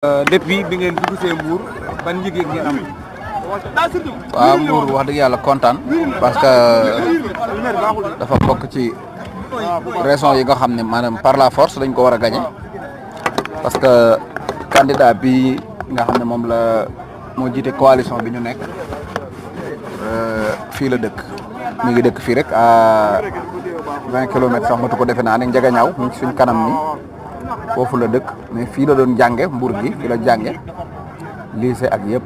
Euh, depuis bi ngeen dugg see Mbour ban am. waaw Mbour wax dëgg yàlla kontaan parce que dafa bokk ci raison yi nga xam ne maanaam par la force dañ ko war a gagné parce que candidat bi nga xam ne moom la moo jiite coalition bi ñu nekk euh, fii la dëkk mi ngi dëkk fii rek à vingt kilomètres sax matu ko defe naa ne njëga ñaaw mu ngi kanam ni foofu la dëkk mais fii la doon jànge mbur gi fii la jànge lycée ak yëpp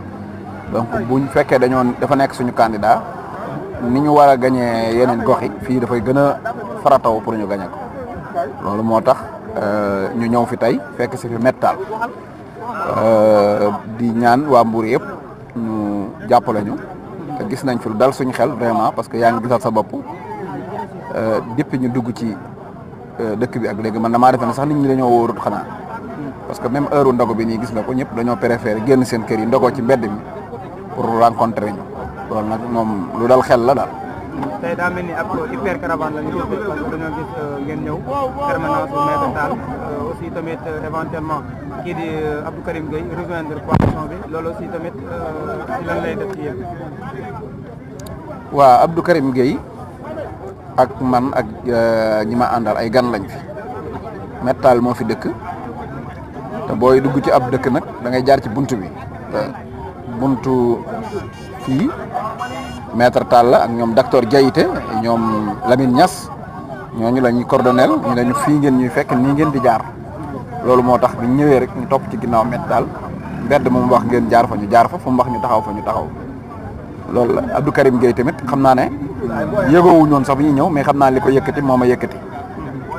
donc buñ fekkee dañoo dafa nekk suñu candidat ni ñu war a gañee yeneen gox yi fii dafay gën a farataw pour ñu gañe ko loolu moo tax euh, ñu ñëw fi tey fekk si fi mettal euh, di ñaan waa Mbour yëpp ñu jàppale ñu gis nañ fi lu dal suñu xel vraiment parce que yaa ngi gisal sa bopp euh, depuis ñu dugg ci Euh, dëkk bi ak léegi man damaa defe ne sax nit ñi dañoo wóorut xanaa parce que même heure ndogu bi nii gis nga ko ñëpp dañoo préféré génn seen kër yi ndogoo ci mbedd mi pour rencontrer ñu loolu nag moom lu dal xel la daal. tey daa mel ni ab hyper euh, euh, kii di Abdou Karim Gueye rejoindre coalition Karim Gueye. ak man ak euh, ñi ma àndal ay gan lañ fi moo fi dëkk te booy dugg ci ab dëkk nag dangay jaar ci bunt bi bunt fii metre Tall la ak ñoom docteur Diayité ñoom Lamine Niass ñooñu la ñuy cordonnel ñu lañu fii ngeen ñu fekk nii ngeen di jaar loolu moo tax bi ñëwee rek ñu topp ci ginnaaw daal mbedd moom wax ngeen jaar fa ñu jaar fa fu mbax wax ñu taxaw fa ñu taxaw loolu la Abdou Karim Gueye tamit xam naa ne yëgoowu ñoon sax bu ñuy ñëw mais xam naa li ko yëkkati moom ma yëkkati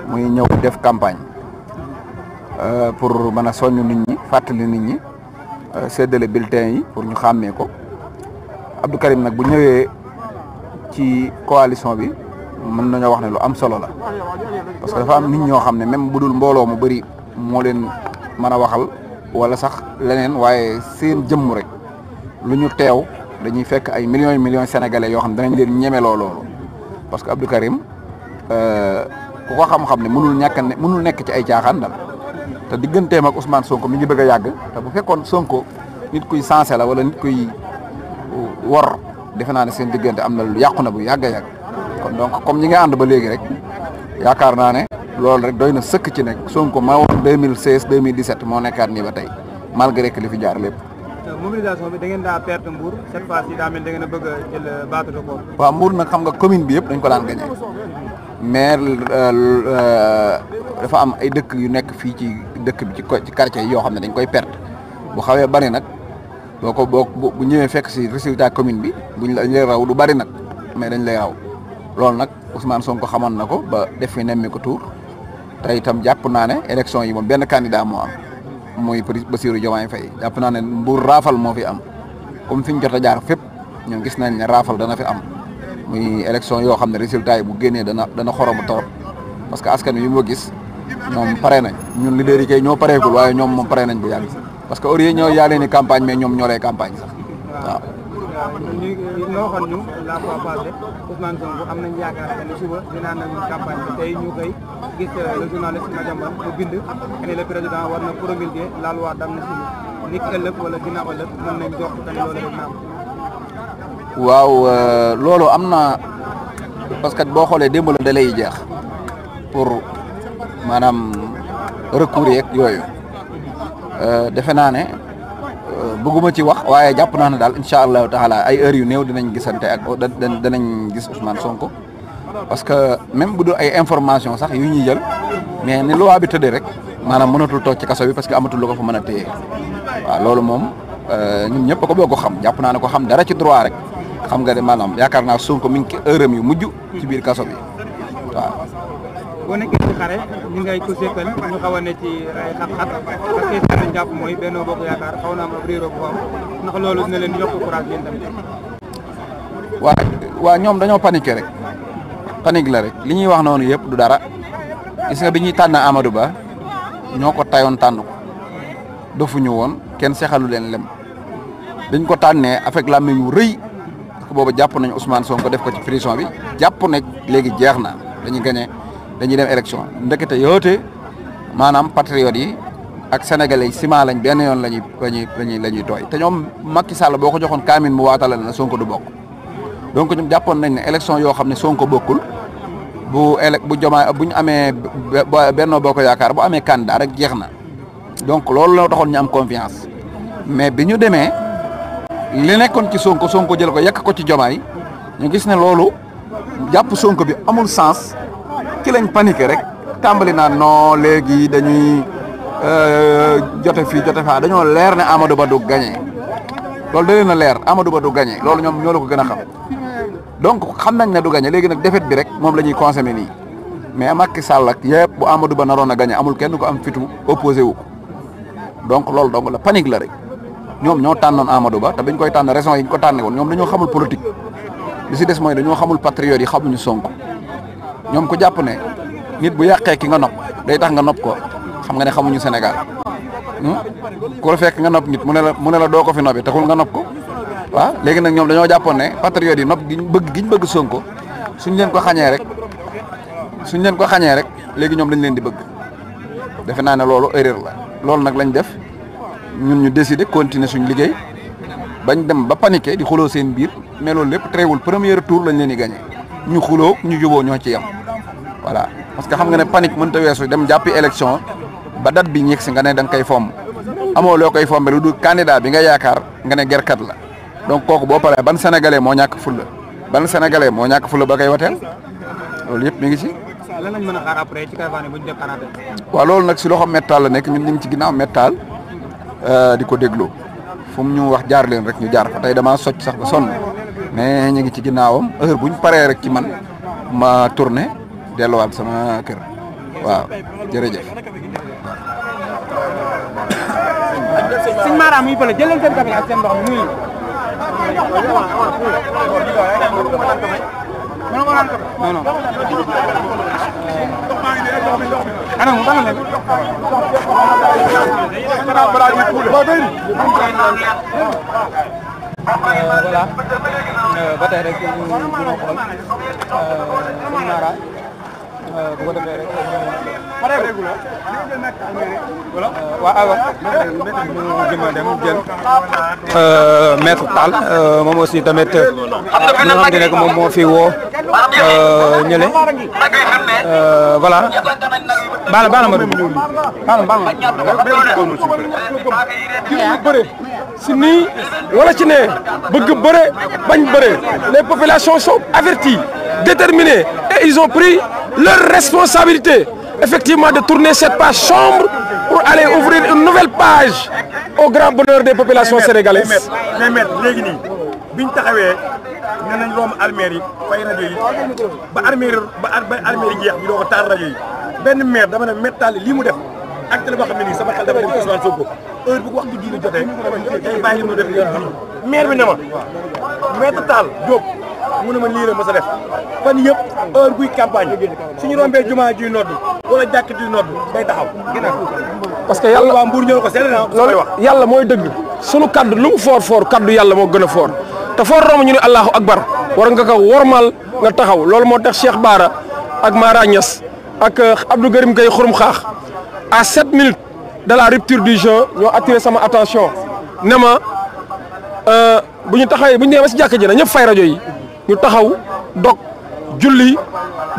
muy ñëw def campagne euh, pour mën a soññ nit ñi fàttali nit ñi euh, séddale bulletin yi pour ñu xàmmee ko Abdou Karim nag bu ñëwee ci coalition bi mën nañoo wax ne lu am solo la parce que dafa am nit ñoo xam ne même bu dul mbooloo mu bëri moo leen mën a waxal walla sax leneen waaye seen jëmmu rek lu ñu teew dañuy fekk ay millions yu millions sénégalais yoo xam danañ leen ñemeloo loolu parce que Abdou Karim euh, ku ko xam-xam ne mënul ñàkk ne mënul nekk ci ay caaxaan dal te digganteem ak Ousmane Sonko mi ngi bëgg a yàgg te bu fekkoon Sonko nit kuy sensé la wala nit kuy wor defe naa seen diggante am na lu yàqu na bu yàgg a yàgg kon donc comme ñi nga ànd ba léegi rek yaakaar naa ne loolu rek doy na sëkk ci nekk Sonko maa woon 2016 2017 moo nekkaat nii ba tey malgré que li fi jaar lépp. mobilisation bi da ngeen daa perte Mbour cette fois a bëgg a jël euh, baatu nag xam nga commune bi yëpp dañ ko daan gagné mais euh, dafa am ay dëkk yu nekk fii ci dëkk bi ci ci quartier yoo xam ne dañ koy perte bu xawee bari nag boo ko boo bu ñëwee fekk si résultat commune bi buñ la lay raw du bari nag mais dañ lay raw loolu nag Ousmane Sonko xamoon na ko ba def fi nemmi ko tour itam jàpp naa ne élection yi moom benn candidat moo am. muy président Bassirou Diomaye fay jàpp naa ne mbuur raafal moo fi am comme fi ñu jot a jaar fépp ñoo gis nañ ne raafal dana fi am muy élection yoo xam ne résultat yi bu génne dana dana xoromu torop parce que askan wi moo gis ñoom pare nañ ñun leader yi kay pare pareegul waaye ñoom moom pare nañ bu yàgg parce que au lieu ñoo yaa leen campagne mais ñoom ñoo campagne sax waaw. ñu ñoo xoon ñu la fois passée Ousmane Sonko am nañ yaakaar ne suba dina ànd ak ñun campagne tey ñu koy gis euh, le journaliste Madiambal mu bind ne le président war na promulguer la loi d'amnistie ni ëllëg wala dina ëllëg mën nañ jox dañ loolu rek naam waaw euh, loolu am na parce que boo xoolee démb la dalay jeex pour maanaam recours yooyu euh, defe naa ne bëgguma ci wax waaye jàpp naa ne daal incha allahu taala ay heures yu néew dinañ gisante ak danañ gis Ousmane Sonko parce que même bu dul ay information sax yu ñuy jël mais ni loi bi tëddee rek maanaam mënatul toog ci kaso bi parce que amatul lu ko fa mën a téye waaw loolu moom euh, ñun ñëpp ko bokk xam jàpp naa ne ko xam dara ci droit rek xam nga ne maanaam yaakaar naa Sonko mi ngi heure am yu mujj ci biir kaso bi boo nekkee ci xare ñi ngay ko sekkal ñu xaw ne ci ay xat-xat parce que seen jàpp mooy Benno Bokk Yaakaar xaw na am ab réeroo bu am ndax loolu dina leen yokk courage yéen tamit. waa waa ñoom dañoo panike rek panique la rek li ñuy wax noonu yëpp du dara gis nga bi ñuy tànn Amadou Ba ñoo ko tayoon tànn ko dofuñu woon kenn sexalu leen lem dañ ko tànnee avec la yu rëy parce que boobu jàpp nañu Ousmane Sonko def ko ci prison bi jàpp ne léegi jeex na dañuy gagné. dañuy dem élection ndekete yoote maanaam patriotes yi ak sénégalais yi ciment lañ benn yoon lañuy lañuy lañuy la ñuy tooy te ñoom Macky Sall boo ko joxoon kaamin mu waatala na Sonko du bokk donc ñoom jàppoon nañ ne élection yoo xam ne Sonko bokkul bu bu jomaa bu ñu amee Benno Bokk Yaakaar bu amee candidat rek jeex na donc loolu la taxoon ñu am confiance mais bi ñu demee li nekkoon ci Sonko Sonko jël ko yekk ko ci jomaay ñu gis ne loolu jàpp Sonko bi amul sens ci lañ paniqué rek tàmbali naa non léegi dañuy euh, jote fii jote faa dañoo leer ne Amadou Ba du gañee loolu da leen leer Amadou Ba du gagné loolu ñoom ñoo la ko gën a xam donc xam nañ ne du gagné léegi nag defet bi rek moom la ñuy consommé nii mais Macky Sall ak yëpp bu Amadou Ba naroon a gagné amul kenn ko am fitu opposé wu ko donc loolu donc la panique la rek ñoom ñoo tànnoon Amadou Ba te biñ koy tànn raison yi ñu ko tànne woon ñoom dañoo xamul politique li si des mooy dañoo xamul patriote yi xamuñu Sonko ñoom ko jàpp ne nit bu yàqee ki nga nopp day tax nga nopp ko xam nga ne xamuñu Sénégal hmm? ku la fekk nga nopp nit mu ne la mu ne la doo ko fi noppi taxul nga nopp ko waaw léegi nag ñoom dañoo jàppoon ne patriotes yi nopp giñ bëgg giñ bëgg Sonko suñ leen ko xañee rek suñ leen ko xañee rek léegi ñoom dañ leen di bëgg defe naa ne loolu erreur la loolu nag lañ def ñun ñu décider continuer suñ liggéey bañ dem ba paniqué di xuloo seen biir mais loolu lépp teewul premier tour lañ leen di gagné ñu xuloo ñu juboo ñoo ci yem voilà parce que xam nga ne panique mënta weesu dem jàppi élection ba date bi ñeeg si nga ne da nga koy fomm amoo loo koy fommee du dul bi nga yaakaar nga ne gerkat la donc kooku boo paree ban sénégalais moo ñàkk ful ban sénégalais moo ñàkk fulla ba koy wateel loolu yëpp mi ngi ci. lan lañ mën a xaar après ci bu ñu def waaw loolu nag si loxo méttal la nekk ñun ñu ngi ci ginnaaw méttal euh, di ko dégloo fu mu ñu wax jaar leen rek ñu jaar fa tey damaa socc sax ba sonn. mais ñu ngi ci ginnaawam heure buñ paree rek ci man ma tourné delluwaat sama kër waaw Euh, euh, voilà euh, ba tey rek ñu ñu xool Nara bu ko defee rek. pareegul voilà waaw alors ñu jëm a dem jël maître Tall euh, moom aussi tamit euh, nga xam te ne moom moo fi woo euh, ñële voilà baal baal ma dugg baal baal ma bëre si nii wala ci ne bëgg bëre bañ bëre les populations sont averties déterminées et ils ont pris leur responsabilité effectivement de tourner cette page sombre pour aller ouvrir une nouvelle page au grand bonheur des populations sénégalaises. mais léegi nii biñ taxawee nee nañ romb armeer yi fay yi ba armeer ba armeer yi jeex ñu doo ko taal benn maire dama ne maire Talla mu def ak télé boo xam ne nii sama xel dafa dem ci Ousmane Sonko heure bu waxtu diine jotee day bàyyi li mu ne a def fan yëpp heure buy campagne suñu rombee jumaa ji nodd wala jàkk ji nodd day taxaw parce que yàlla waa mbuur ñëw ko seede ah, mooy dëgg sunu kaddu lu mu foor foor kaddu yàlla moo gën a foor te foor romb ñu ne allahu akbar war nga ko wormal nga taxaw loolu moo tax Cheikh Baara ak Mara Niass ak euh, Abdou Karim Gueye xurum xaax à sept minutes de la rupture du jeu ñoo attiré sama attention ne ma euh, bu ñu taxawee bu ñu demee si jàkk ji na ñëpp fay rajo yi ñu taxaw dog julli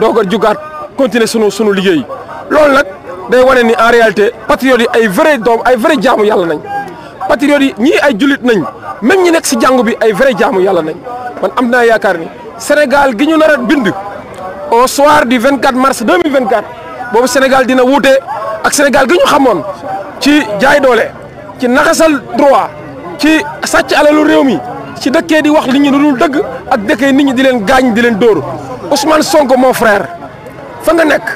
doog a jugaat continuer sunu sunu liggéey loolu nag day wane ni en réalité yi ay vrai doom ay vrai jaamu yàlla nañ patriotes yi ñii ay jullit nañ même ñi nekk si jàngu bi ay vrai jaamu yàlla nañ man am naa yaakaar ni Sénégal gi ñu nar a bind au soir du 24 mars 2024 boobu Sénégal dina wuute ak Sénégal gi ñu xamoon ci jaay doole ci naxasal droit ci sàcc alalu réew mi. ci dëkkee di wax nit ñi lu dul dëgg ak dëkkee nit ñi di leen gaañ di leen dóor Ousmane Sonko moo frère fa nga nekk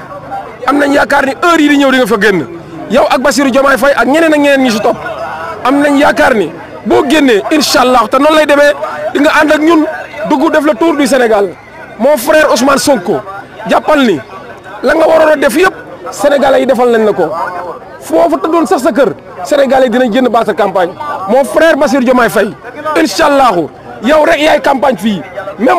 am nañ yaakaar ni heure yi di ñëw di nga fa génn yow ak Bassirou Diomaye Faye ak ñeneen ak ñeneen ñi si topp am nañ yaakaar ni boo génnee incha allah te noonu lay demee di nga ànd ak ñun dugg def la tour du Sénégal moo frère Ousmane Sonko jàppal ni la nga waroon a def yëpp sénégalais yi defal nañ la ko foofu tëddoon sax sa kër sénégalais yi dinañ génn baal sa campagne. mon frère Bassirou Diomaye Faye incha allahu yow rek yaay campagne fii même.